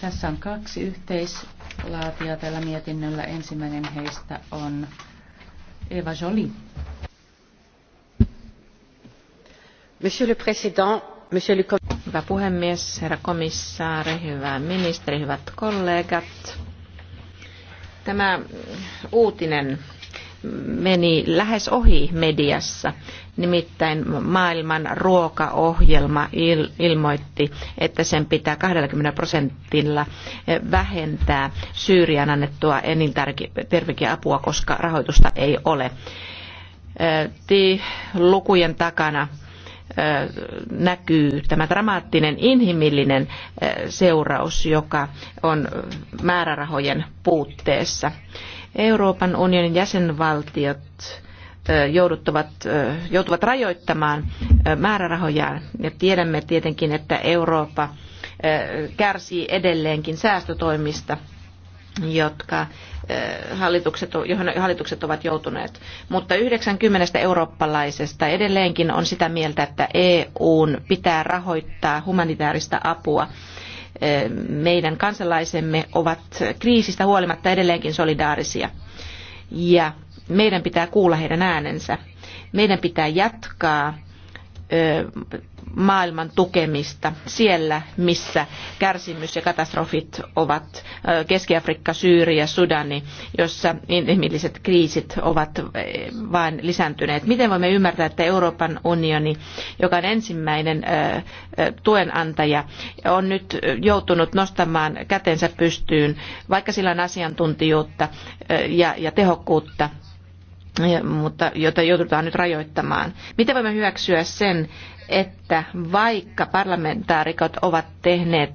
Tässä on kaksi yhteislaatia tällä mietinnöllä. Ensimmäinen heistä on Eva Jolie. Monsieur le Président, Monsieur le Hyvä puhemies, herra komissaari, hyvä ministeri, hyvät kollegat. Tämä uutinen meni lähes ohi mediassa. Nimittäin maailman ruokaohjelma ilmoitti, että sen pitää 20 prosentilla eh, vähentää Syyrian annettua elintarvikeapua, koska rahoitusta ei ole. Eh, lukujen takana eh, näkyy tämä dramaattinen inhimillinen seuraus, joka on määrärahojen puutteessa. Euroopan unionin jäsenvaltiot jouduttavat, joutuvat rajoittamaan määrärahojaan. Ja tiedämme tietenkin, että Eurooppa kärsii edelleenkin säästötoimista, jotka hallitukset, johon hallitukset ovat joutuneet. Mutta 90 eurooppalaisesta edelleenkin on sitä mieltä, että EUn pitää rahoittaa humanitaarista apua meidän kansalaisemme ovat kriisistä huolimatta edelleenkin solidaarisia. Ja meidän pitää kuulla heidän äänensä. Meidän pitää jatkaa maailman tukemista siellä, missä kärsimys ja katastrofit ovat Keski-Afrikka, Syyria, Sudani, jossa inhimilliset kriisit ovat vain lisääntyneet. Miten voimme ymmärtää, että Euroopan unioni, joka on ensimmäinen tuenantaja, on nyt joutunut nostamaan kätensä pystyyn, vaikka sillä on asiantuntijuutta ja tehokkuutta mutta jota joudutaan nyt rajoittamaan. Miten voimme hyväksyä sen, että vaikka parlamentaarikot ovat tehneet,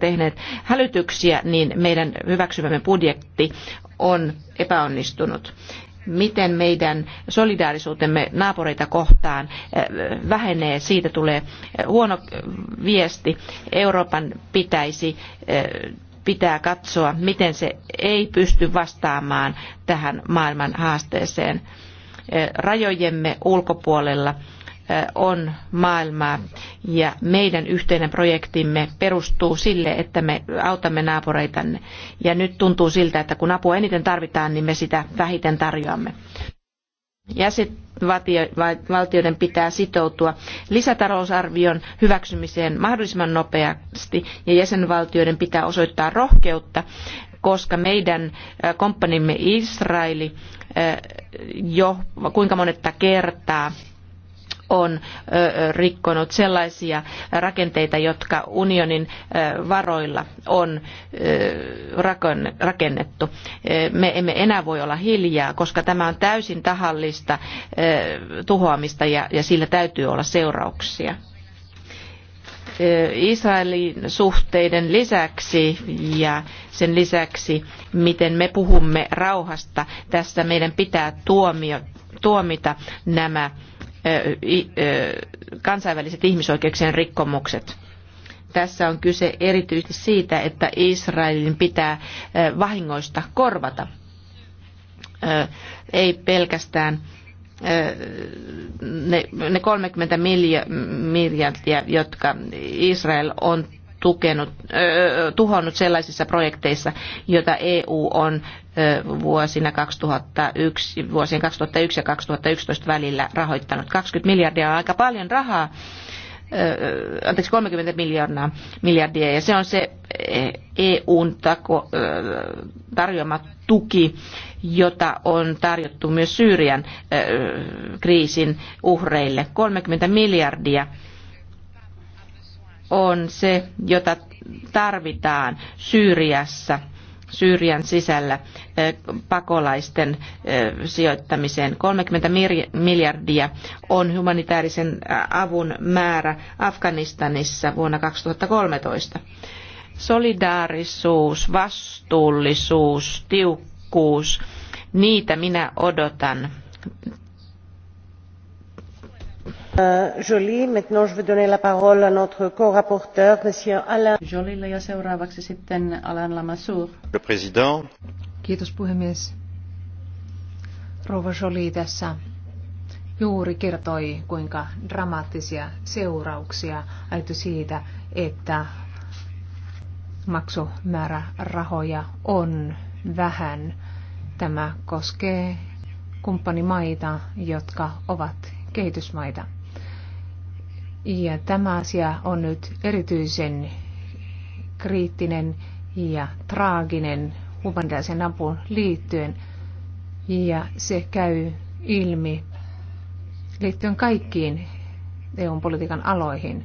tehneet hälytyksiä, niin meidän hyväksymämme budjetti on epäonnistunut. Miten meidän solidaarisuutemme naapureita kohtaan vähenee, siitä tulee huono viesti. Euroopan pitäisi pitää katsoa, miten se ei pysty vastaamaan tähän maailman haasteeseen. Eh, rajojemme ulkopuolella eh, on maailmaa ja meidän yhteinen projektimme perustuu sille, että me autamme naapureitanne. Ja nyt tuntuu siltä, että kun apua eniten tarvitaan, niin me sitä vähiten tarjoamme jäsenvaltioiden pitää sitoutua lisätalousarvion hyväksymiseen mahdollisimman nopeasti ja jäsenvaltioiden pitää osoittaa rohkeutta koska meidän komppanimme Israel jo kuinka monetta kertaa on rikkonut sellaisia rakenteita, jotka unionin varoilla on rakennettu. Me emme enää voi olla hiljaa, koska tämä on täysin tahallista tuhoamista ja sillä täytyy olla seurauksia. Israelin suhteiden lisäksi ja sen lisäksi, miten me puhumme rauhasta, tässä meidän pitää tuomio, tuomita nämä kansainväliset ihmisoikeuksien rikkomukset. Tässä on kyse erityisesti siitä, että Israelin pitää vahingoista korvata. Ei pelkästään ne, kolmekymmentä 30 miljardia, jotka Israel on tukenut, tuhonnut sellaisissa projekteissa, joita EU on vuosina 2001, vuosien 2001 ja 2011 välillä rahoittanut. 20 miljardia on aika paljon rahaa anteeksi, 30 miljoonaa, miljardia, ja se on se EUn e tako, tarjoama tuki, jota on tarjottu myös Syyrian kriisin uhreille. 30 miljardia on se, jota tarvitaan Syyriassa, Syyrian sisällä pakolaisten sijoittamiseen. 30 miljardia on humanitaarisen avun määrä Afganistanissa vuonna 2013. Solidaarisuus, vastuullisuus, tiukkuus, niitä minä odotan Euh, Jolie, maintenant je vais donner la parole à notre co-rapporteur, Alain. Jolille ja seuraavaksi sitten Alain Lamassoure. Le président. Kiitos puhemies. Rouva Jolie tässä juuri kertoi, kuinka dramaattisia seurauksia aiheutti siitä, että maksumäärärahoja on vähän. Tämä koskee kumppanimaita, jotka ovat kehitysmaita. Ja tämä asia on nyt erityisen kriittinen ja traaginen humanitaarisen apuun liittyen. Ja se käy ilmi liittyen kaikkiin EU-politiikan aloihin.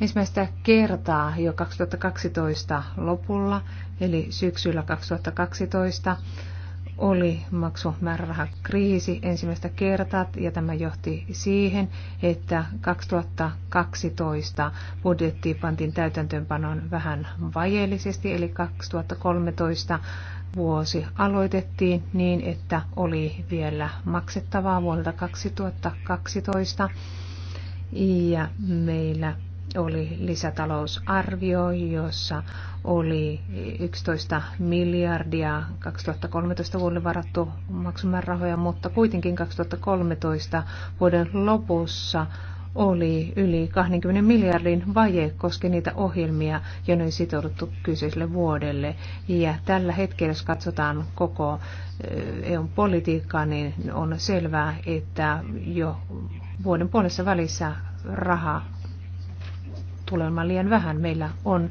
Ensimmäistä kertaa jo 2012 lopulla, eli syksyllä 2012, oli maksumäärärahakriisi ensimmäistä kertaa ja tämä johti siihen, että 2012 budjetti pantiin täytäntöönpanon vähän vajeellisesti, eli 2013 vuosi aloitettiin niin, että oli vielä maksettavaa vuodelta 2012 ja meillä oli lisätalousarvio, jossa oli 11 miljardia 2013 vuodelle varattu maksumäärärahoja, mutta kuitenkin 2013 vuoden lopussa oli yli 20 miljardin vaje koski niitä ohjelmia, joihin on sitouduttu kyseiselle vuodelle. Ja tällä hetkellä, jos katsotaan koko EUn politiikkaa, niin on selvää, että jo vuoden puolessa välissä raha tulee liian vähän. Meillä on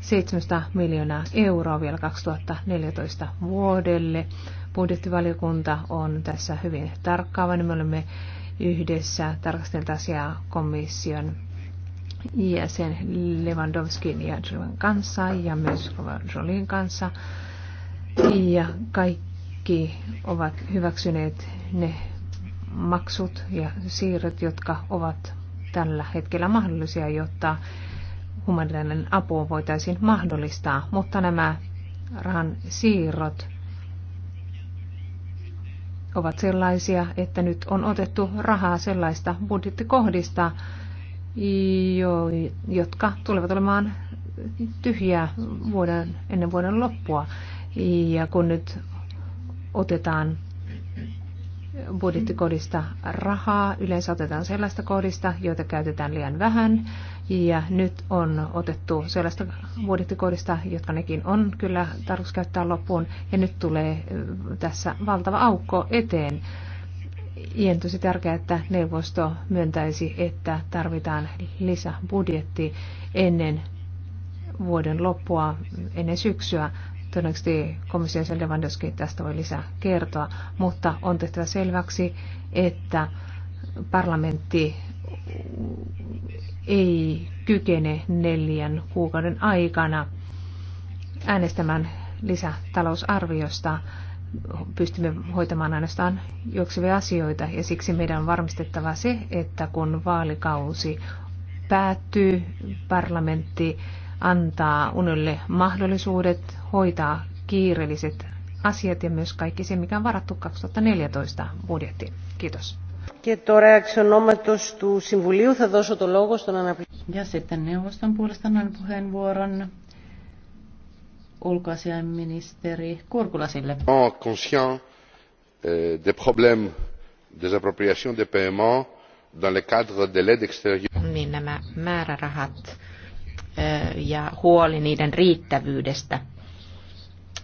700 miljoonaa euroa vielä 2014 vuodelle. Budjettivaliokunta on tässä hyvin tarkkaavainen. Niin me olemme yhdessä tarkastelleet asiaa komission jäsen Lewandowskin ja Jolin kanssa ja myös Jolin kanssa. Ja kaikki ovat hyväksyneet ne maksut ja siirrot, jotka ovat tällä hetkellä mahdollisia, jotta humanitaarinen apu voitaisiin mahdollistaa, mutta nämä rahan siirrot ovat sellaisia, että nyt on otettu rahaa sellaista budjettikohdista, jo, jotka tulevat olemaan tyhjää vuoden, ennen vuoden loppua. Ja kun nyt otetaan budjettikodista rahaa. Yleensä otetaan sellaista kodista, joita käytetään liian vähän. Ja nyt on otettu sellaista budjettikodista, jotka nekin on kyllä tarkoitus käyttää loppuun. Ja nyt tulee tässä valtava aukko eteen. Ja on tosi tärkeää, että neuvosto myöntäisi, että tarvitaan lisäbudjetti ennen vuoden loppua, ennen syksyä. Todennäköisesti komission Seldevandoski tästä voi lisää kertoa, mutta on tehtävä selväksi, että parlamentti ei kykene neljän kuukauden aikana äänestämään lisätalousarviosta. Pystymme hoitamaan ainoastaan juoksevia asioita ja siksi meidän on varmistettava se, että kun vaalikausi päättyy, parlamentti antaa unelle mahdollisuudet hoitaa kiireelliset asiat ja myös kaikki se, mikä on varattu 2014 budjettiin. Kiitos. Ja sitten neuvoston puolesta annan puheenvuoron ulkoasiainministeri Kurkulasille. En conscient euh, des problèmes des appropriations de paiement dans le cadre de l'aide extérieure. Niin nämä määrärahat ja huoli niiden riittävyydestä,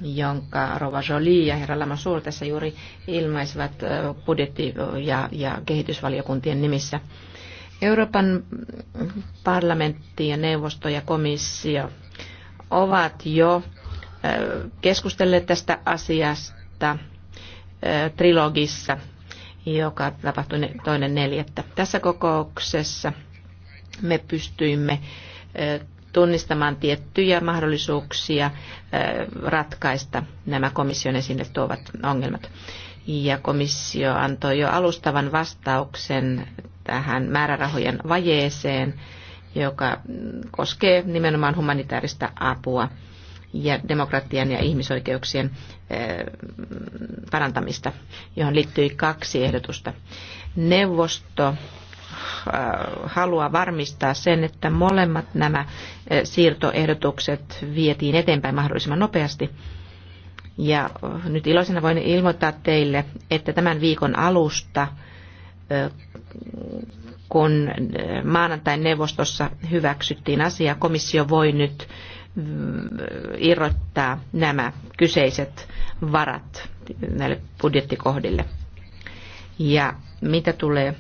jonka Rova Jolie ja herra Lamassur tässä juuri ilmaisivat budjetti- ja, ja kehitysvaliokuntien nimissä. Euroopan parlamentti ja neuvosto ja komissio ovat jo keskustelleet tästä asiasta trilogissa, joka tapahtui toinen neljättä. Tässä kokouksessa me pystyimme tunnistamaan tiettyjä mahdollisuuksia ratkaista nämä komission esille tuovat ongelmat. Ja komissio antoi jo alustavan vastauksen tähän määrärahojen vajeeseen, joka koskee nimenomaan humanitaarista apua ja demokratian ja ihmisoikeuksien parantamista, johon liittyi kaksi ehdotusta. Neuvosto Äh, haluaa varmistaa sen, että molemmat nämä äh, siirtoehdotukset vietiin eteenpäin mahdollisimman nopeasti. Ja äh, nyt iloisena voin ilmoittaa teille, että tämän viikon alusta, kun maanantain neuvostossa hyväksyttiin asia, komissio voi nyt irrottaa nämä kyseiset varat näille budjettikohdille. Ja mitä tulee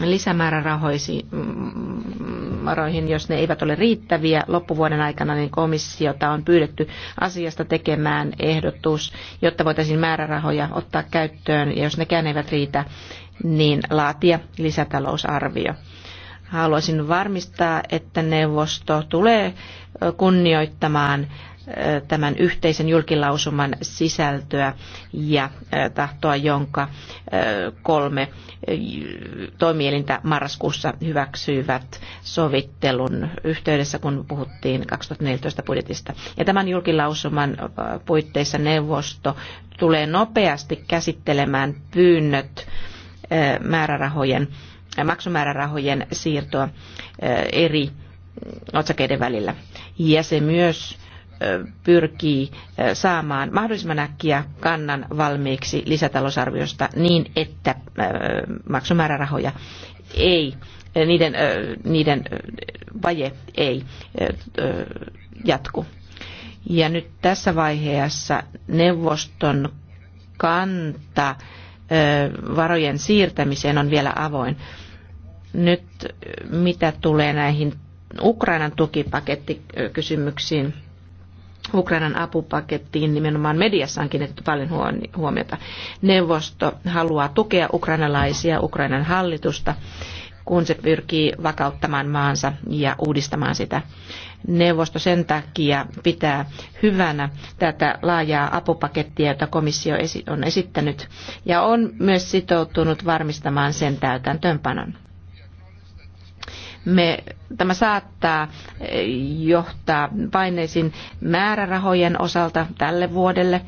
lisämäärärahoihin, mm, jos ne eivät ole riittäviä loppuvuoden aikana, niin komissiota on pyydetty asiasta tekemään ehdotus, jotta voitaisiin määrärahoja ottaa käyttöön, ja jos nekään eivät riitä, niin laatia lisätalousarvio. Haluaisin varmistaa, että neuvosto tulee kunnioittamaan tämän yhteisen julkilausuman sisältöä ja tahtoa, jonka kolme toimielintä marraskuussa hyväksyivät sovittelun yhteydessä, kun puhuttiin 2014 budjetista. Ja tämän julkilausuman puitteissa neuvosto tulee nopeasti käsittelemään pyynnöt määrärahojen, maksumäärärahojen siirtoa eri otsakeiden välillä. Ja se myös pyrkii saamaan mahdollisimman äkkiä kannan valmiiksi lisätalousarviosta niin, että maksumäärärahoja ei, niiden, niiden vaje ei jatku. Ja nyt tässä vaiheessa neuvoston kanta varojen siirtämiseen on vielä avoin. Nyt mitä tulee näihin Ukrainan tukipakettikysymyksiin, Ukrainan apupakettiin nimenomaan mediassa on kiinnitetty paljon huomiota. Neuvosto haluaa tukea ukrainalaisia, Ukrainan hallitusta, kun se pyrkii vakauttamaan maansa ja uudistamaan sitä. Neuvosto sen takia pitää hyvänä tätä laajaa apupakettia, jota komissio on esittänyt, ja on myös sitoutunut varmistamaan sen täytäntöönpanon me, tämä saattaa eh, johtaa paineisiin määrärahojen osalta tälle vuodelle.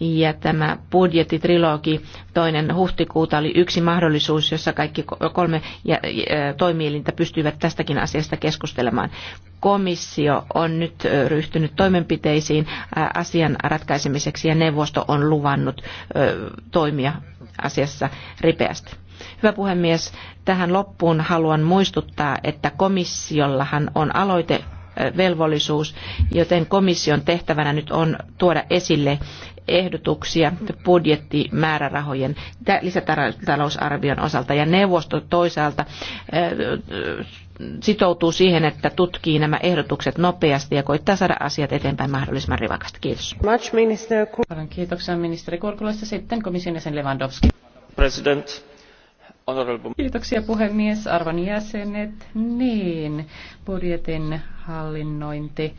Ja tämä budjettitrilogi toinen huhtikuuta oli yksi mahdollisuus, jossa kaikki kolme eh, toimielintä pystyivät tästäkin asiasta keskustelemaan. Komissio on nyt eh, ryhtynyt toimenpiteisiin asian ratkaisemiseksi ja neuvosto on luvannut toimia asiassa ripeästi. Hyvä puhemies, tähän loppuun haluan muistuttaa, että komissiollahan on aloite velvollisuus, joten komission tehtävänä nyt on tuoda esille ehdotuksia budjettimäärärahojen lisätalousarvion osalta ja neuvosto toisaalta äh, sitoutuu siihen, että tutkii nämä ehdotukset nopeasti ja koittaa saada asiat eteenpäin mahdollisimman rivakasti. Kiitos. Kiitoksia ministeri Kurkulaista. Sitten komission jäsen Lewandowski. President. Kiitoksia puhemies, arvon jäsenet. Niin, budjetin hallinnointi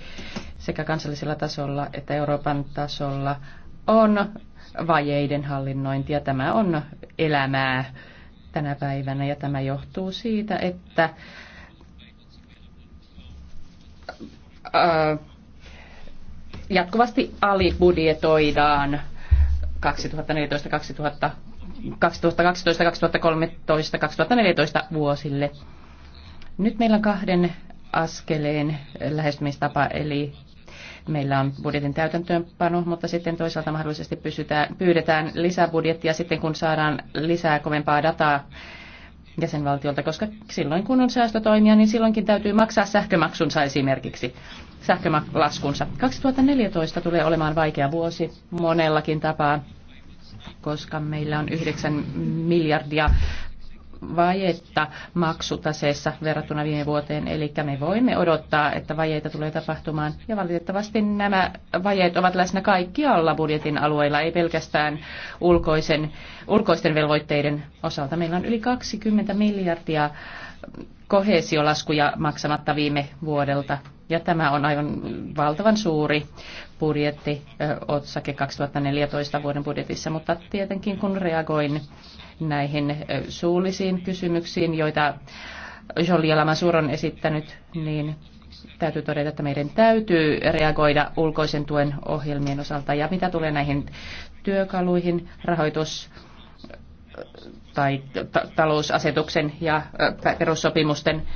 sekä kansallisella tasolla että Euroopan tasolla on vajeiden hallinnointi ja tämä on elämää tänä päivänä ja tämä johtuu siitä, että jatkuvasti alibudjetoidaan 2012, 2013, 2014 vuosille. Nyt meillä on kahden askeleen lähestymistapa, eli meillä on budjetin täytäntöönpano, mutta sitten toisaalta mahdollisesti pysytään, pyydetään lisäbudjettia sitten, kun saadaan lisää kovempaa dataa jäsenvaltiolta, koska silloin kun on säästötoimia, niin silloinkin täytyy maksaa sähkömaksunsa esimerkiksi, sähkölaskunsa. 2014 tulee olemaan vaikea vuosi monellakin tapaa koska meillä on 9 miljardia vajetta maksutaseessa verrattuna viime vuoteen, eli me voimme odottaa, että vajeita tulee tapahtumaan. Ja valitettavasti nämä vajeet ovat läsnä kaikkialla budjetin alueilla, ei pelkästään ulkoisen, ulkoisten velvoitteiden osalta. Meillä on yli 20 miljardia kohesiolaskuja maksamatta viime vuodelta. Ja tämä on aivan valtavan suuri budjetti, otsake 2014 vuoden budjetissa, mutta tietenkin kun reagoin näihin suullisiin kysymyksiin, joita Jolli Lamassoure on esittänyt, niin täytyy todeta, että meidän täytyy reagoida ulkoisen tuen ohjelmien osalta. Ja mitä tulee näihin työkaluihin, rahoitus tai talousasetuksen ja perussopimusten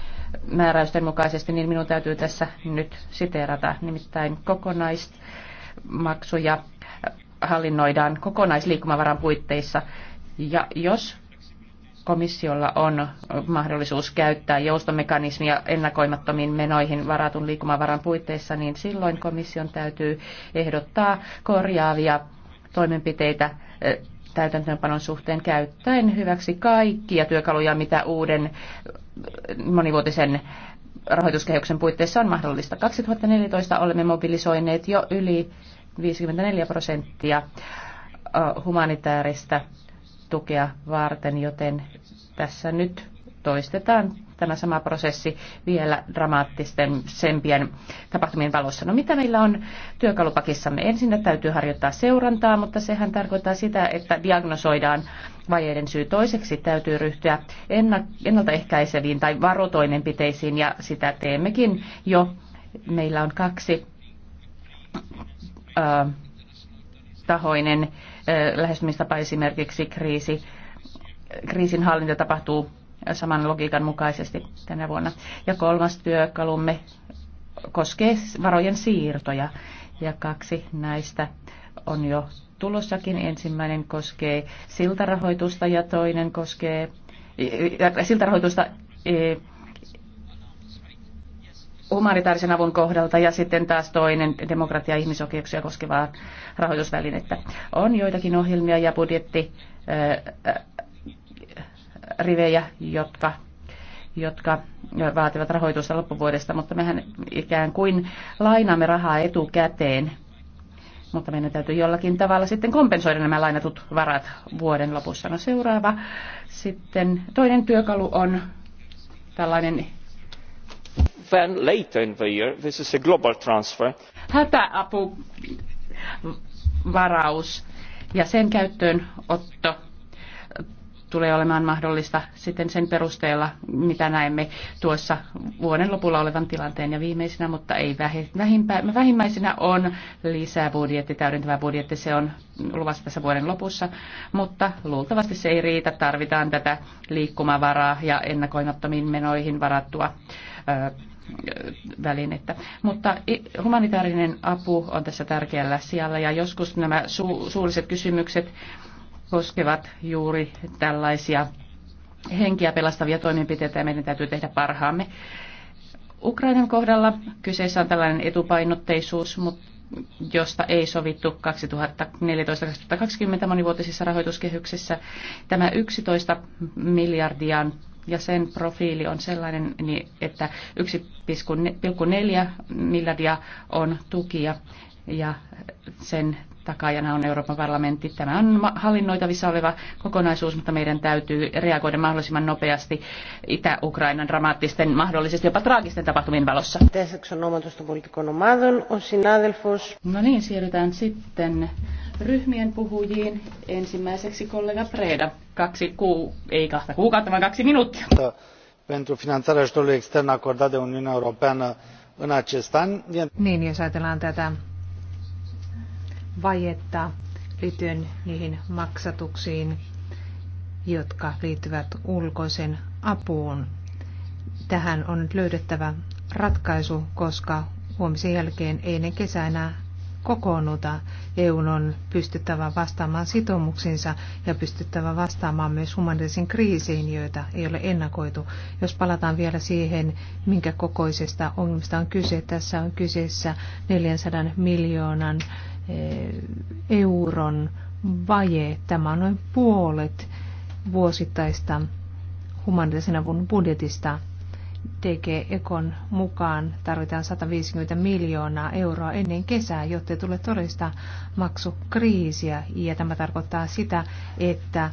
määräysten mukaisesti, niin minun täytyy tässä nyt siteerata nimittäin kokonaismaksuja hallinnoidaan kokonaisliikkumavaran puitteissa ja jos komissiolla on mahdollisuus käyttää joustomekanismia ennakoimattomiin menoihin varatun liikumavaran puitteissa, niin silloin komission täytyy ehdottaa korjaavia toimenpiteitä täytäntöönpanon suhteen käyttäen hyväksi kaikkia työkaluja, mitä uuden monivuotisen rahoituskehyksen puitteissa on mahdollista. 2014 olemme mobilisoineet jo yli 54 prosenttia humanitaarista tukea varten, joten tässä nyt toistetaan tämä sama prosessi vielä sempien tapahtumien valossa. No mitä meillä on työkalupakissamme? Ensinnä täytyy harjoittaa seurantaa, mutta sehän tarkoittaa sitä, että diagnosoidaan vajeiden syy. Toiseksi täytyy ryhtyä ennaltaehkäiseviin tai varotoimenpiteisiin ja sitä teemmekin jo. Meillä on kaksi äh, tahoinen äh, lähestymistapa esimerkiksi kriisi, kriisin hallinta tapahtuu saman logiikan mukaisesti tänä vuonna. Ja kolmas työkalumme koskee varojen siirtoja. Ja kaksi näistä on jo tulossakin. Ensimmäinen koskee siltarahoitusta ja toinen koskee siltarahoitusta humanitaarisen avun kohdalta ja sitten taas toinen demokratia- ja ihmisoikeuksia koskevaa rahoitusvälinettä. On joitakin ohjelmia ja budjettirivejä, jotka, jotka vaativat rahoitusta loppuvuodesta, mutta mehän ikään kuin lainaamme rahaa etukäteen, mutta meidän täytyy jollakin tavalla sitten kompensoida nämä lainatut varat vuoden lopussa. No seuraava sitten toinen työkalu on tällainen then later in the year this is a global transfer hätäapuvaraus ja sen käyttöönotto tulee olemaan mahdollista sitten sen perusteella, mitä näemme tuossa vuoden lopulla olevan tilanteen. Ja viimeisenä, mutta ei vähimpä, vähimmäisenä on lisäbudjetti, täydentävä budjetti. Se on luvassa tässä vuoden lopussa, mutta luultavasti se ei riitä. Tarvitaan tätä liikkumavaraa ja ennakoimattomiin menoihin varattua ö, välinettä. Mutta humanitaarinen apu on tässä tärkeällä sijalla ja joskus nämä su- suulliset kysymykset koskevat juuri tällaisia henkiä pelastavia toimenpiteitä ja meidän täytyy tehdä parhaamme. Ukrainan kohdalla kyseessä on tällainen etupainotteisuus, mutta josta ei sovittu 2014-2020 monivuotisissa rahoituskehyksissä. Tämä 11 miljardian ja sen profiili on sellainen, niin että 1,4 miljardia on tukia ja sen takajana on Euroopan parlamentti. Tämä on hallinnoitavissa oleva kokonaisuus, mutta meidän täytyy reagoida mahdollisimman nopeasti Itä-Ukrainan dramaattisten, mahdollisesti jopa traagisten tapahtumien valossa. No niin, siirrytään sitten ryhmien puhujiin. Ensimmäiseksi kollega Preda. Kaksi kuu, ei kahta kuukautta, vaan kaksi minuuttia. Pentru finanțarea ajutorului extern acordat de Uniunea Europeană în acest an. E- niin, jos ajatellaan tätä vajetta liittyen niihin maksatuksiin, jotka liittyvät ulkoisen apuun. Tähän on nyt löydettävä ratkaisu, koska huomisen jälkeen ei ne kesänä kokoonnuta. EU on pystyttävä vastaamaan sitoumuksiinsa ja pystyttävä vastaamaan myös humanitaarisiin kriisiin, joita ei ole ennakoitu. Jos palataan vielä siihen, minkä kokoisesta ongelmista on kyse, tässä on kyseessä 400 miljoonan Eh, euron vaje. Tämä on noin puolet vuosittaista humanitaarisen avun budjetista. DG Ekon mukaan tarvitaan 150 miljoonaa euroa ennen kesää, jotta tule todellista maksukriisiä. Ja tämä tarkoittaa sitä, että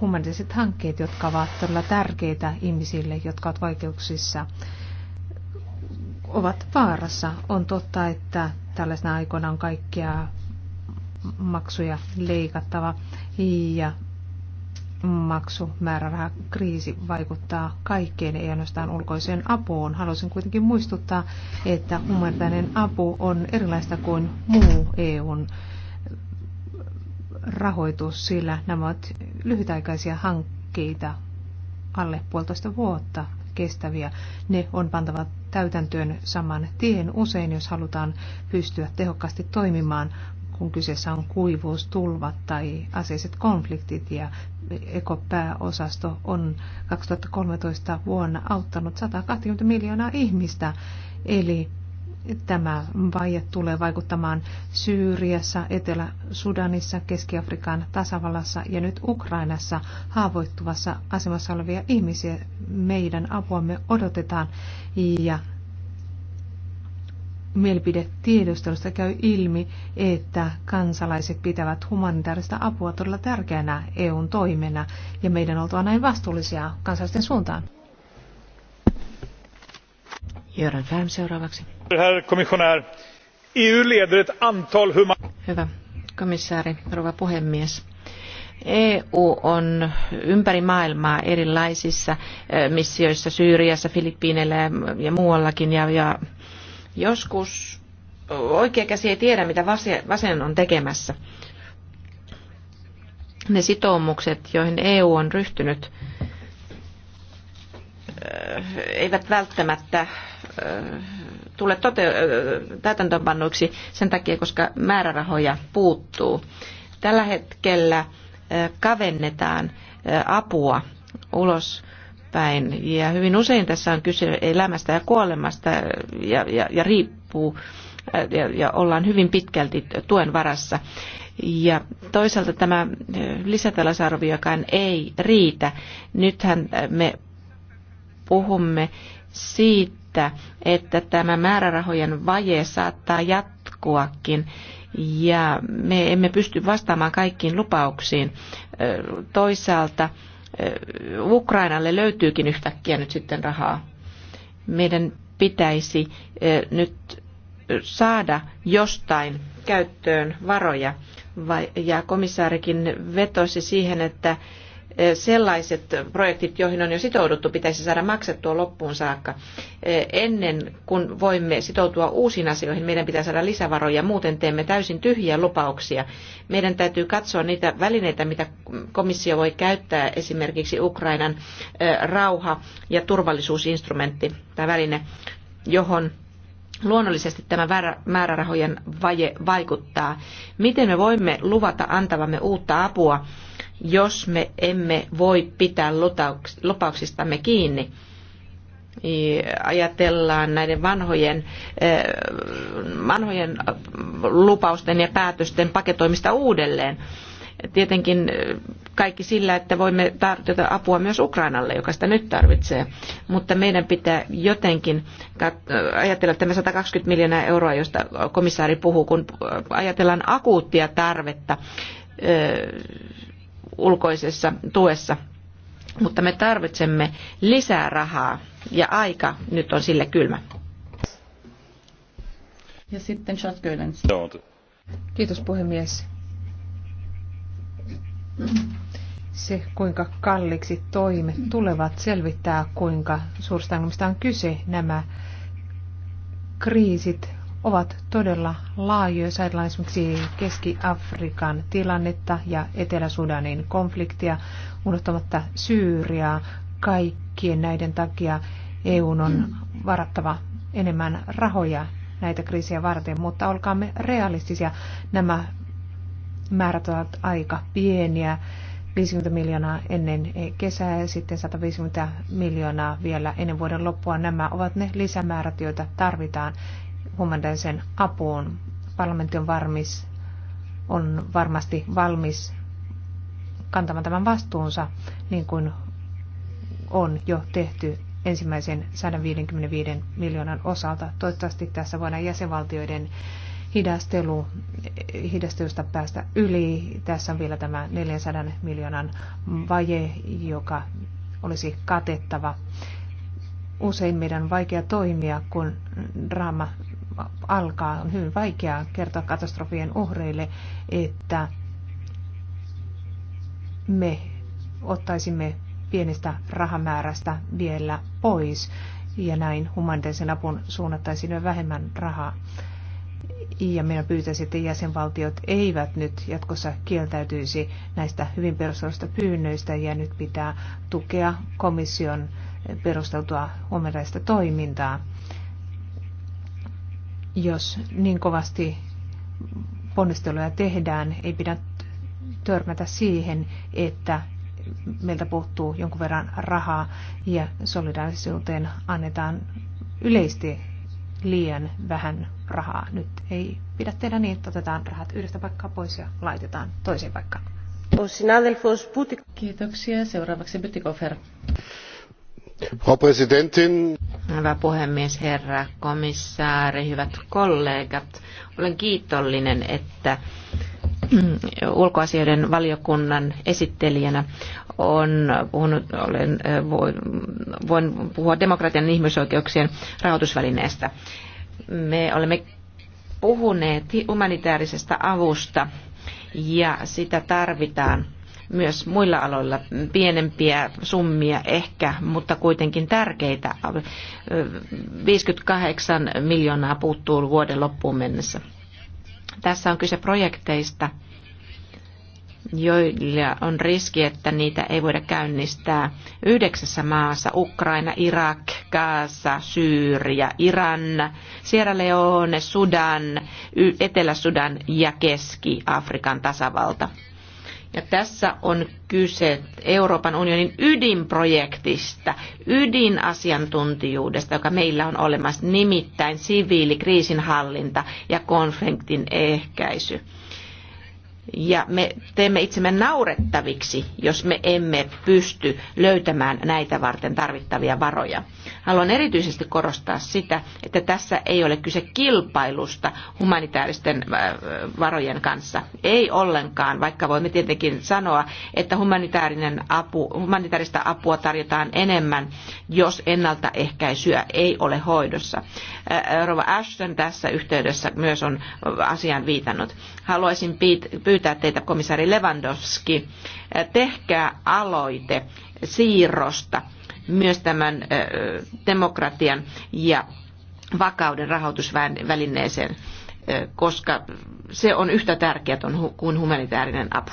humanitaariset hankkeet, jotka ovat todella tärkeitä ihmisille, jotka ovat vaikeuksissa, ovat vaarassa. On totta, että tällaisena aikoina on kaikkia maksuja leikattava ja kriisi vaikuttaa kaikkeen, ei ainoastaan ulkoiseen apuun. Haluaisin kuitenkin muistuttaa, että humanitaarinen apu on erilaista kuin muu EUn rahoitus, sillä nämä ovat lyhytaikaisia hankkeita, alle puolitoista vuotta kestäviä. Ne on pantava täytäntöön saman tien usein, jos halutaan pystyä tehokkaasti toimimaan, kun kyseessä on kuivuus, tulvat tai aseiset konfliktit ja ekopääosasto on 2013 vuonna auttanut 120 miljoonaa ihmistä. Eli Tämä vaje tulee vaikuttamaan Syyriassa, Etelä-Sudanissa, Keski-Afrikan tasavallassa ja nyt Ukrainassa haavoittuvassa asemassa olevia ihmisiä. Meidän apuamme odotetaan ja mielipidetiedustelusta käy ilmi, että kansalaiset pitävät humanitaarista apua todella tärkeänä EUn toimena ja meidän oltava näin vastuullisia kansalaisten suuntaan. Jörän Färm seuraavaksi. E Hyvä komissaari, rouva puhemies. EU on ympäri maailmaa erilaisissa eh, missioissa Syyriassa, Filippiineillä ja muuallakin. Ja, ja joskus oikea käsi ei tiedä, mitä vasen on tekemässä. Ne sitoumukset, joihin EU on ryhtynyt, eh, eivät välttämättä eh, tule tote- täytäntöönpannuiksi sen takia, koska määrärahoja puuttuu. Tällä hetkellä kavennetaan apua ulos päin. Ja hyvin usein tässä on kyse elämästä ja kuolemasta ja, ja, ja riippuu ja, ja ollaan hyvin pitkälti tuen varassa. Ja toisaalta tämä lisätalousarviokaan ei riitä. Nythän me puhumme siitä, että tämä määrärahojen vaje saattaa jatkuakin ja me emme pysty vastaamaan kaikkiin lupauksiin. Toisaalta Ukrainalle löytyykin yhtäkkiä nyt sitten rahaa. Meidän pitäisi nyt saada jostain käyttöön varoja. Ja komissaarikin vetosi siihen, että Eh, sellaiset projektit, joihin on jo sitouduttu, pitäisi saada maksettua loppuun saakka. Eh, ennen kuin voimme sitoutua uusiin asioihin, meidän pitää saada lisävaroja, muuten teemme täysin tyhjiä lupauksia. Meidän täytyy katsoa niitä välineitä, mitä komissio voi käyttää, esimerkiksi Ukrainan eh, rauha- ja turvallisuusinstrumentti tai väline, johon Luonnollisesti tämä määrärahojen vaje vaikuttaa. Miten me voimme luvata antavamme uutta apua jos me emme voi pitää lupauksistamme kiinni. Ajatellaan näiden vanhojen, eh, vanhojen eh, lupausten ja päätösten paketoimista uudelleen. Tietenkin eh, kaikki sillä, että voimme tarjota apua myös Ukrainalle, joka sitä nyt tarvitsee. Mutta meidän pitää jotenkin ajatella tämä 120 miljoonaa euroa, josta komissaari puhuu, kun ajatellaan akuuttia tarvetta ulkoisessa tuessa. Mutta me tarvitsemme lisää rahaa ja aika nyt on sille kylmä. Ja sitten Charles Gölens. Kiitos puhemies. Se, kuinka kalliiksi toimet tulevat, selvittää, kuinka suursta on kyse. Nämä kriisit ovat todella laajoja. Jos ajatellaan esimerkiksi Keski-Afrikan tilannetta ja Etelä-Sudanin konfliktia, unohtamatta Syyriaa, kaikkien näiden takia EUn on varattava enemmän rahoja näitä kriisiä varten, mutta olkaamme realistisia. Nämä määrät ovat aika pieniä. 50 miljoonaa ennen kesää ja sitten 150 miljoonaa vielä ennen vuoden loppua. Nämä ovat ne lisämäärät, joita tarvitaan humanitaariseen apuun. Parlamentti on, varmis, on varmasti valmis kantamaan tämän vastuunsa, niin kuin on jo tehty ensimmäisen 155 miljoonan osalta. Toivottavasti tässä voidaan jäsenvaltioiden hidastelu, hidastelusta päästä yli. Tässä on vielä tämä 400 miljoonan vaje, joka olisi katettava. Usein meidän on vaikea toimia, kun draama alkaa. On hyvin vaikeaa kertoa katastrofien uhreille, että me ottaisimme pienestä rahamäärästä vielä pois ja näin humanitaarisen apun suunnattaisiin vähemmän rahaa. Ja minä pyytäisin, että jäsenvaltiot eivät nyt jatkossa kieltäytyisi näistä hyvin perustelusta pyynnöistä ja nyt pitää tukea komission perusteltua huomenaista toimintaa jos niin kovasti ponnisteluja tehdään, ei pidä törmätä siihen, että meiltä puuttuu jonkun verran rahaa ja solidaarisuuteen annetaan yleisesti liian vähän rahaa. Nyt ei pidä tehdä niin, että otetaan rahat yhdestä paikkaa pois ja laitetaan toiseen paikkaan. Kiitoksia. Seuraavaksi Bytikofer. Frau Präsidentin. Hyvä puhemies, herra komissaari, hyvät kollegat. Olen kiitollinen, että mm, ulkoasioiden valiokunnan esittelijänä on puhunut, olen, voin, voin puhua demokratian ja ihmisoikeuksien rahoitusvälineestä. Me olemme puhuneet humanitaarisesta avusta ja sitä tarvitaan myös muilla aloilla pienempiä summia ehkä, mutta kuitenkin tärkeitä. 58 miljoonaa puuttuu vuoden loppuun mennessä. Tässä on kyse projekteista, joilla on riski, että niitä ei voida käynnistää yhdeksässä maassa, Ukraina, Irak, Gaza, Syyria, Iran, Sierra Leone, Sudan, Etelä-Sudan ja Keski-Afrikan tasavalta. Ja tässä on kyse Euroopan unionin ydinprojektista, ydinasiantuntijuudesta, joka meillä on olemassa, nimittäin siviilikriisinhallinta ja konfliktin ehkäisy ja me teemme itsemme naurettaviksi, jos me emme pysty löytämään näitä varten tarvittavia varoja. Haluan erityisesti korostaa sitä, että tässä ei ole kyse kilpailusta humanitaaristen äh, varojen kanssa. Ei ollenkaan, vaikka voimme tietenkin sanoa, että humanitaarinen apu, humanitaarista apua tarjotaan enemmän, jos ennaltaehkäisyä ei ole hoidossa. Äh, Rova Ashton tässä yhteydessä myös on asiaan viitannut. Haluaisin pyytää pyytää teitä, komissaari Lewandowski, tehkää aloite siirrosta myös tämän demokratian ja vakauden rahoitusvälineeseen, koska se on yhtä tärkeää kuin humanitaarinen apu.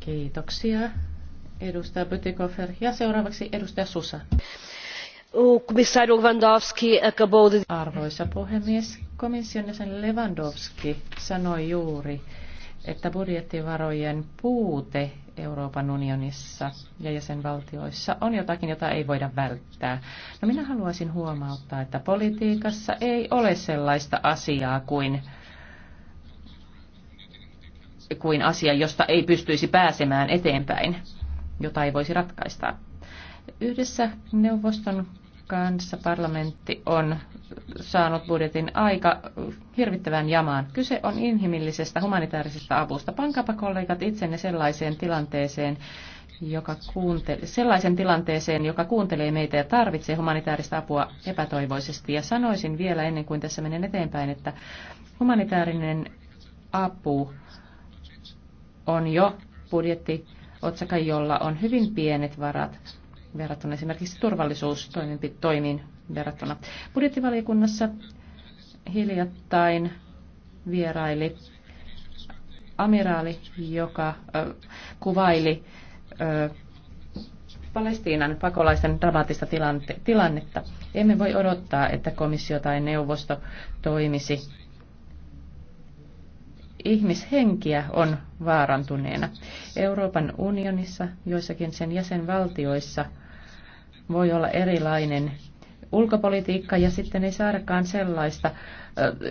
Kiitoksia, edustaja Butikofer. Ja seuraavaksi edustaja Susa. Arvoisa puhemies, komission jäsen Lewandowski sanoi juuri, että budjettivarojen puute Euroopan unionissa ja jäsenvaltioissa on jotakin, jota ei voida välttää. No minä haluaisin huomauttaa, että politiikassa ei ole sellaista asiaa kuin kuin asia, josta ei pystyisi pääsemään eteenpäin, jota ei voisi ratkaista. Yhdessä neuvoston kanssa parlamentti on saanut budjetin aika hirvittävän jamaan. Kyse on inhimillisestä humanitaarisesta avusta. Pankaapa kollegat itsenne sellaiseen tilanteeseen, joka kuuntele, sellaisen tilanteeseen, joka kuuntelee meitä ja tarvitsee humanitaarista apua epätoivoisesti. Ja sanoisin vielä ennen kuin tässä menen eteenpäin, että humanitaarinen apu on jo budjetti otsaka, jolla on hyvin pienet varat verrattuna esimerkiksi turvallisuustoimiin verrattuna. Budjettivaliokunnassa hiljattain vieraili amiraali, joka äh, kuvaili äh, Palestiinan pakolaisten dramaattista tilante- tilannetta. Emme voi odottaa, että komissio tai neuvosto toimisi. Ihmishenkiä on vaarantuneena. Euroopan unionissa, joissakin sen jäsenvaltioissa – voi olla erilainen ulkopolitiikka ja sitten ei saadakaan sellaista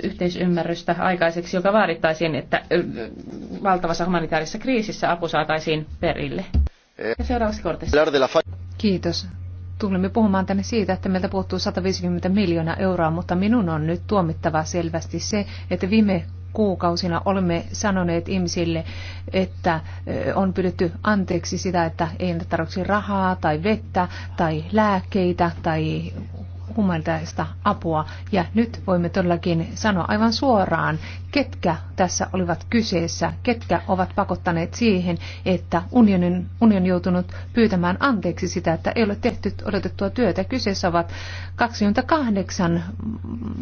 yhteisymmärrystä aikaiseksi, joka vaadittaisiin, että valtavassa humanitaarisessa kriisissä apu saataisiin perille. Ja seuraavaksi kortissa. Kiitos. Tulemme puhumaan tänne siitä, että meiltä puuttuu 150 miljoonaa euroa, mutta minun on nyt tuomittava selvästi se, että viime kuukausina olemme sanoneet ihmisille, että on pyydetty anteeksi sitä, että ei enää tarvitse rahaa tai vettä tai lääkkeitä tai humanitaarista apua. Ja nyt voimme todellakin sanoa aivan suoraan, ketkä tässä olivat kyseessä, ketkä ovat pakottaneet siihen, että unionin, union joutunut pyytämään anteeksi sitä, että ei ole tehty odotettua työtä. Kyseessä ovat 28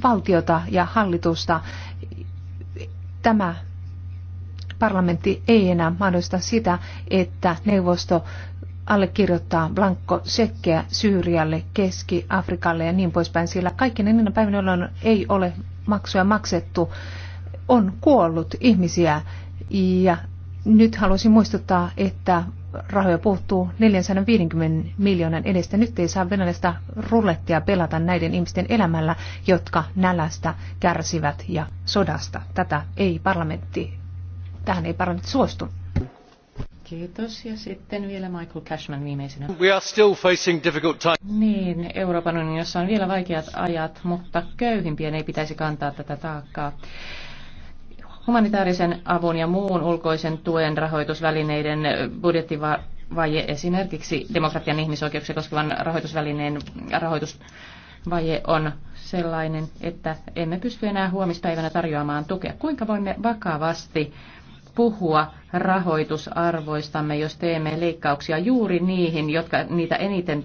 valtiota ja hallitusta, Tämä parlamentti ei enää mahdollista sitä, että neuvosto allekirjoittaa blankkosekkejä Syyrialle, Keski-Afrikalle ja niin poispäin, sillä kaikki niinä päivinä, jolloin ei ole maksuja maksettu, on kuollut ihmisiä ja nyt haluaisin muistuttaa, että rahoja puuttuu 450 miljoonan edestä. Nyt ei saa venäläistä rullettia pelata näiden ihmisten elämällä, jotka nälästä kärsivät ja sodasta. Tätä ei parlamentti, tähän ei parlamentti suostu. Kiitos. Ja sitten vielä Michael Cashman viimeisenä. We are still facing difficult times. Niin, Euroopan unionissa on vielä vaikeat ajat, mutta köyhimpien ei pitäisi kantaa tätä taakkaa. Humanitaarisen avun ja muun ulkoisen tuen rahoitusvälineiden budjettivaje esimerkiksi demokratian ihmisoikeuksia koskevan rahoitusvälineen rahoitusvaje on sellainen, että emme pysty enää huomispäivänä tarjoamaan tukea. Kuinka voimme vakavasti puhua rahoitusarvoistamme, jos teemme leikkauksia juuri niihin, jotka niitä eniten,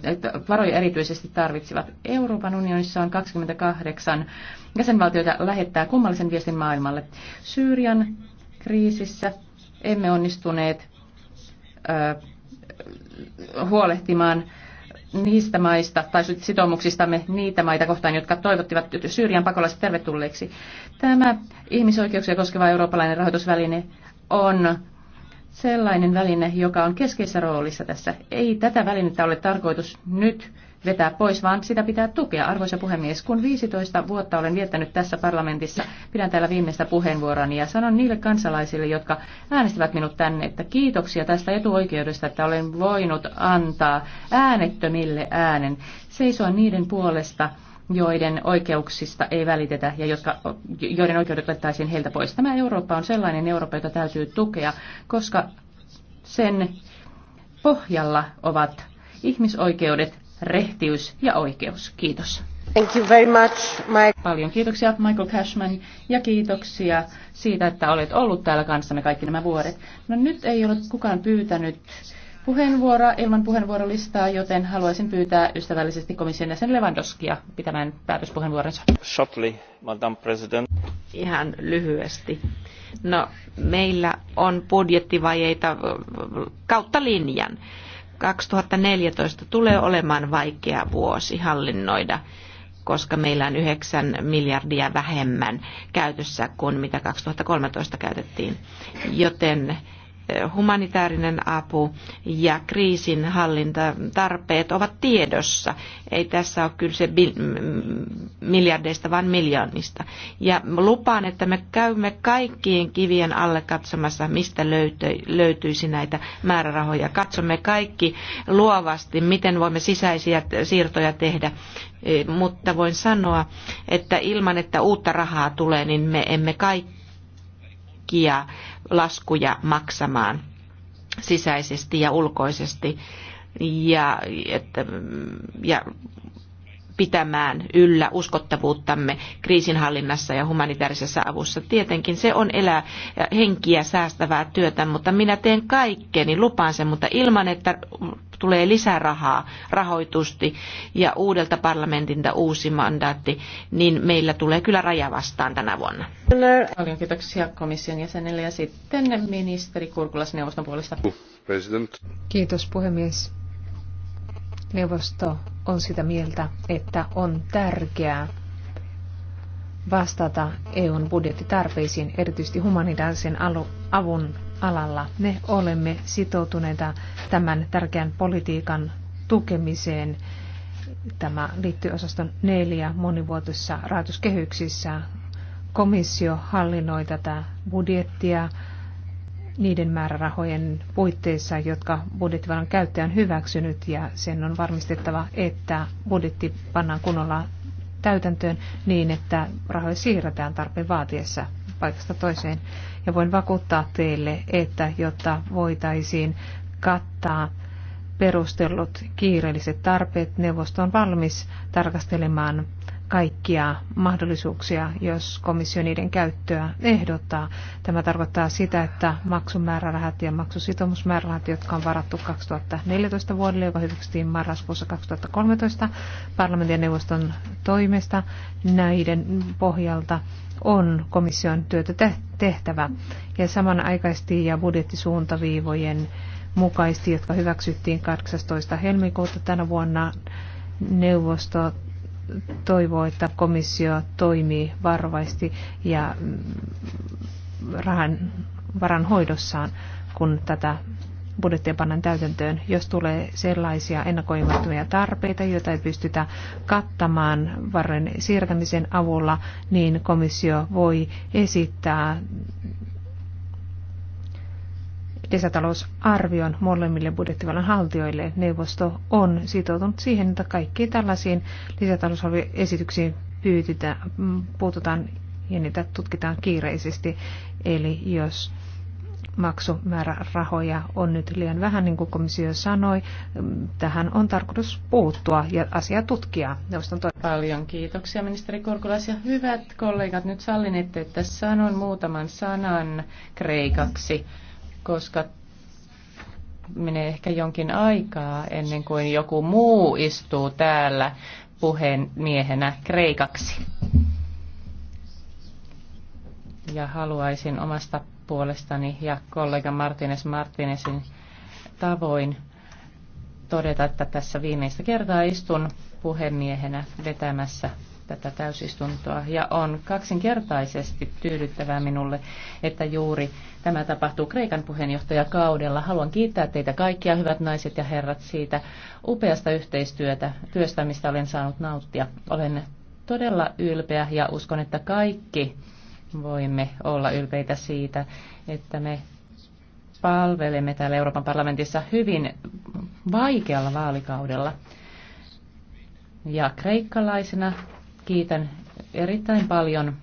varoja erityisesti tarvitsevat. Euroopan unionissa on 28 jäsenvaltioita lähettää kummallisen viestin maailmalle. Syyrian kriisissä emme onnistuneet ö, huolehtimaan niistä maista tai sitoumuksistamme niitä maita kohtaan, jotka toivottivat Syyrian pakolaiset tervetulleeksi. Tämä ihmisoikeuksia koskeva eurooppalainen rahoitusväline on sellainen väline, joka on keskeisessä roolissa tässä. Ei tätä välinettä ole tarkoitus nyt vetää pois, vaan sitä pitää tukea. Arvoisa puhemies, kun 15 vuotta olen viettänyt tässä parlamentissa, pidän täällä viimeistä puheenvuoroni ja sanon niille kansalaisille, jotka äänestävät minut tänne, että kiitoksia tästä etuoikeudesta, että olen voinut antaa äänettömille äänen, seisoa niiden puolesta, joiden oikeuksista ei välitetä ja jotka, joiden oikeudet otettaisiin heiltä pois. Tämä Eurooppa on sellainen Eurooppa, jota täytyy tukea, koska sen pohjalla ovat ihmisoikeudet, rehtiys ja oikeus. Kiitos. Thank you very much, Mike. Paljon kiitoksia Michael Cashman ja kiitoksia siitä, että olet ollut täällä kanssamme kaikki nämä vuodet. No nyt ei ole kukaan pyytänyt puheenvuoroa ilman puheenvuorolistaa, joten haluaisin pyytää ystävällisesti komission jäsen Lewandowskia pitämään päätöspuheenvuoronsa. Shortly, Madam President. Ihan lyhyesti. No, meillä on budjettivajeita kautta linjan. 2014 tulee olemaan vaikea vuosi hallinnoida, koska meillä on 9 miljardia vähemmän käytössä kuin mitä 2013 käytettiin. Joten humanitaarinen apu ja kriisinhallintatarpeet ovat tiedossa. Ei tässä ole kyllä se miljardeista, vaan miljoonista. Ja lupaan, että me käymme kaikkien kivien alle katsomassa, mistä löytyisi näitä määrärahoja. Katsomme kaikki luovasti, miten voimme sisäisiä siirtoja tehdä. Eh, mutta voin sanoa, että ilman, että uutta rahaa tulee, niin me emme kaikki kaikkia laskuja maksamaan sisäisesti ja ulkoisesti ja, että, ja pitämään yllä uskottavuuttamme kriisinhallinnassa ja humanitaarisessa avussa. Tietenkin se on elää henkiä säästävää työtä, mutta minä teen kaikkeni, lupaan sen, mutta ilman, että tulee lisärahaa rahoitusti ja uudelta parlamentilta uusi mandaatti, niin meillä tulee kyllä raja vastaan tänä vuonna. Paljon kiitoksia komission jäsenelle ja sitten ministeri Kurkulas neuvoston puolesta. President. Kiitos puhemies. Neuvosto on sitä mieltä, että on tärkeää vastata EUn budjettitarpeisiin, erityisesti humanitaarisen avun alalla. Me olemme sitoutuneita tämän tärkeän politiikan tukemiseen. Tämä liittyy osaston neljä monivuotisissa rahoituskehyksissä. Komissio hallinnoi tätä budjettia niiden määrärahojen puitteissa, jotka budjettivallan käyttäjä on hyväksynyt ja sen on varmistettava, että budjetti pannaan kunnolla täytäntöön niin, että rahoja siirretään tarpeen vaatiessa paikasta toiseen. Ja voin vakuuttaa teille, että jotta voitaisiin kattaa perustellut kiireelliset tarpeet, neuvosto on valmis tarkastelemaan kaikkia mahdollisuuksia, jos komissio niiden käyttöä ehdottaa. Tämä tarkoittaa sitä, että maksumäärärahat ja maksusitoumusmäärärahat, jotka on varattu 2014 vuodelle, joka hyväksyttiin marraskuussa 2013 parlamentin ja neuvoston toimesta, näiden pohjalta on komission työtä tehtävä. Ja samanaikaisesti ja budjettisuuntaviivojen mukaisesti, jotka hyväksyttiin 18. helmikuuta tänä vuonna, neuvosto toivoo, että komissio toimii varovasti ja mm, rahan, varan hoidossaan, kun tätä budjettia pannaan täytäntöön, jos tulee sellaisia ennakoimattomia tarpeita, joita ei pystytä kattamaan varojen siirtämisen avulla, niin komissio voi esittää lisätalousarvion molemmille budjettivallan haltijoille. Neuvosto on sitoutunut siihen, että kaikkiin tällaisiin lisätalousarvioesityksiin pyytytä, mm, puututaan ja niitä tutkitaan kiireisesti. Eli jos maksumäärärahoja on nyt liian vähän, niin kuin komissio sanoi. Mm, tähän on tarkoitus puuttua ja asia tutkia. Neuvoston to- Paljon kiitoksia ministeri Korkulas ja hyvät kollegat. Nyt sallinette, että sanon muutaman sanan kreikaksi koska menee ehkä jonkin aikaa ennen kuin joku muu istuu täällä puheenmiehenä kreikaksi. Ja haluaisin omasta puolestani ja kollega Martines Martinesin tavoin todeta, että tässä viimeistä kertaa istun puhemiehenä vetämässä tätä täysistuntoa. Ja on kaksinkertaisesti tyydyttävää minulle, että juuri tämä tapahtuu Kreikan puheenjohtajakaudella. Haluan kiittää teitä kaikkia, hyvät naiset ja herrat, siitä upeasta yhteistyötä, työstä, mistä olen saanut nauttia. Olen todella ylpeä ja uskon, että kaikki voimme olla ylpeitä siitä, että me palvelemme täällä Euroopan parlamentissa hyvin vaikealla vaalikaudella. Ja kreikkalaisena Kiitän erittäin paljon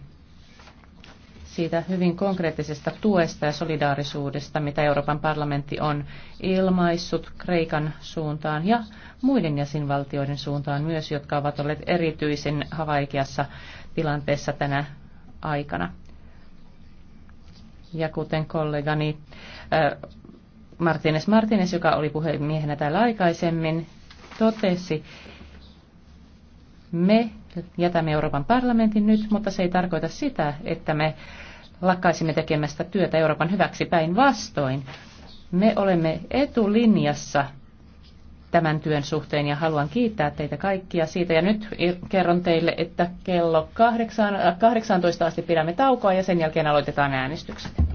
siitä hyvin konkreettisesta tuesta ja solidaarisuudesta, mitä Euroopan parlamentti on ilmaissut Kreikan suuntaan ja muiden jäsenvaltioiden suuntaan myös, jotka ovat olleet erityisen havaikeassa tilanteessa tänä aikana. Ja kuten kollegani äh, Martínez Martínez, joka oli puhemiehenä täällä aikaisemmin, totesi, me jätämme Euroopan parlamentin nyt, mutta se ei tarkoita sitä, että me lakkaisimme tekemästä työtä Euroopan hyväksi päinvastoin. Me olemme etulinjassa tämän työn suhteen ja haluan kiittää teitä kaikkia siitä. Ja nyt kerron teille, että kello 18 asti pidämme taukoa ja sen jälkeen aloitetaan äänestykset.